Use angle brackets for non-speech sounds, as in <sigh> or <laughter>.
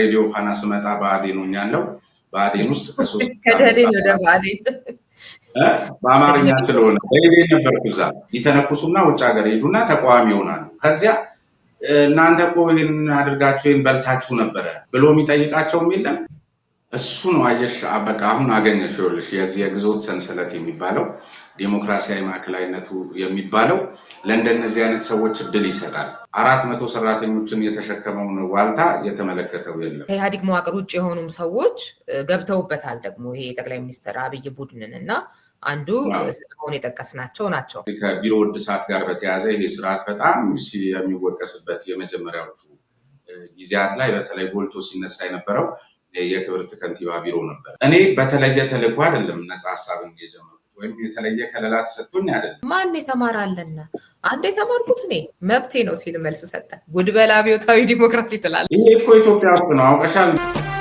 ሬዲዮ ፋና ስመጣ ብአዴን ሆኝ ያለው ብአዴን ውስጥ <laughs> በአማርኛ ስለሆነ በሌሌ ነበር ኩዛ ይተነኩሱና ውጭ ሀገር ሄዱና ተቃዋሚ ይሆናሉ። ከዚያ እናንተ እኮ ይህን አድርጋችሁ ይህን በልታችሁ ነበረ ብሎ የሚጠይቃቸውም የለም እሱ ነው አየሽ፣ በቃ አሁን አገኘሽ። ይኸውልሽ የዚህ የግዞት ሰንሰለት የሚባለው ዴሞክራሲያዊ ማዕከላዊነቱ የሚባለው ለእንደነዚህ አይነት ሰዎች እድል ይሰጣል። አራት መቶ ሰራተኞችን የተሸከመውን ዋልታ የተመለከተው የለም። ከኢህአዴግ መዋቅር ውጭ የሆኑም ሰዎች ገብተውበታል። ደግሞ ይሄ የጠቅላይ ሚኒስትር አብይ ቡድንን እና አንዱ አሁን የጠቀስናቸው ናቸው። ከቢሮ እድሳት ጋር በተያያዘ ይሄ ስርዓት በጣም የሚወቀስበት የመጀመሪያዎቹ ጊዜያት ላይ በተለይ ጎልቶ ሲነሳ የነበረው የክብርት ከንቲባ ቢሮ ነበር። እኔ በተለየ ተልእኮ አይደለም ነፃ ሀሳብን የጀመርኩት ወይም የተለየ ከለላ ተሰጥቶኝ አይደለም። ማን የተማራለና አንድ የተማርኩት እኔ መብቴ ነው ሲል መልስ ሰጠ። ጉድበላ አብዮታዊ ዲሞክራሲ ትላል። ይሄ እኮ ኢትዮጵያ ውስጥ ነው አውቀሻል።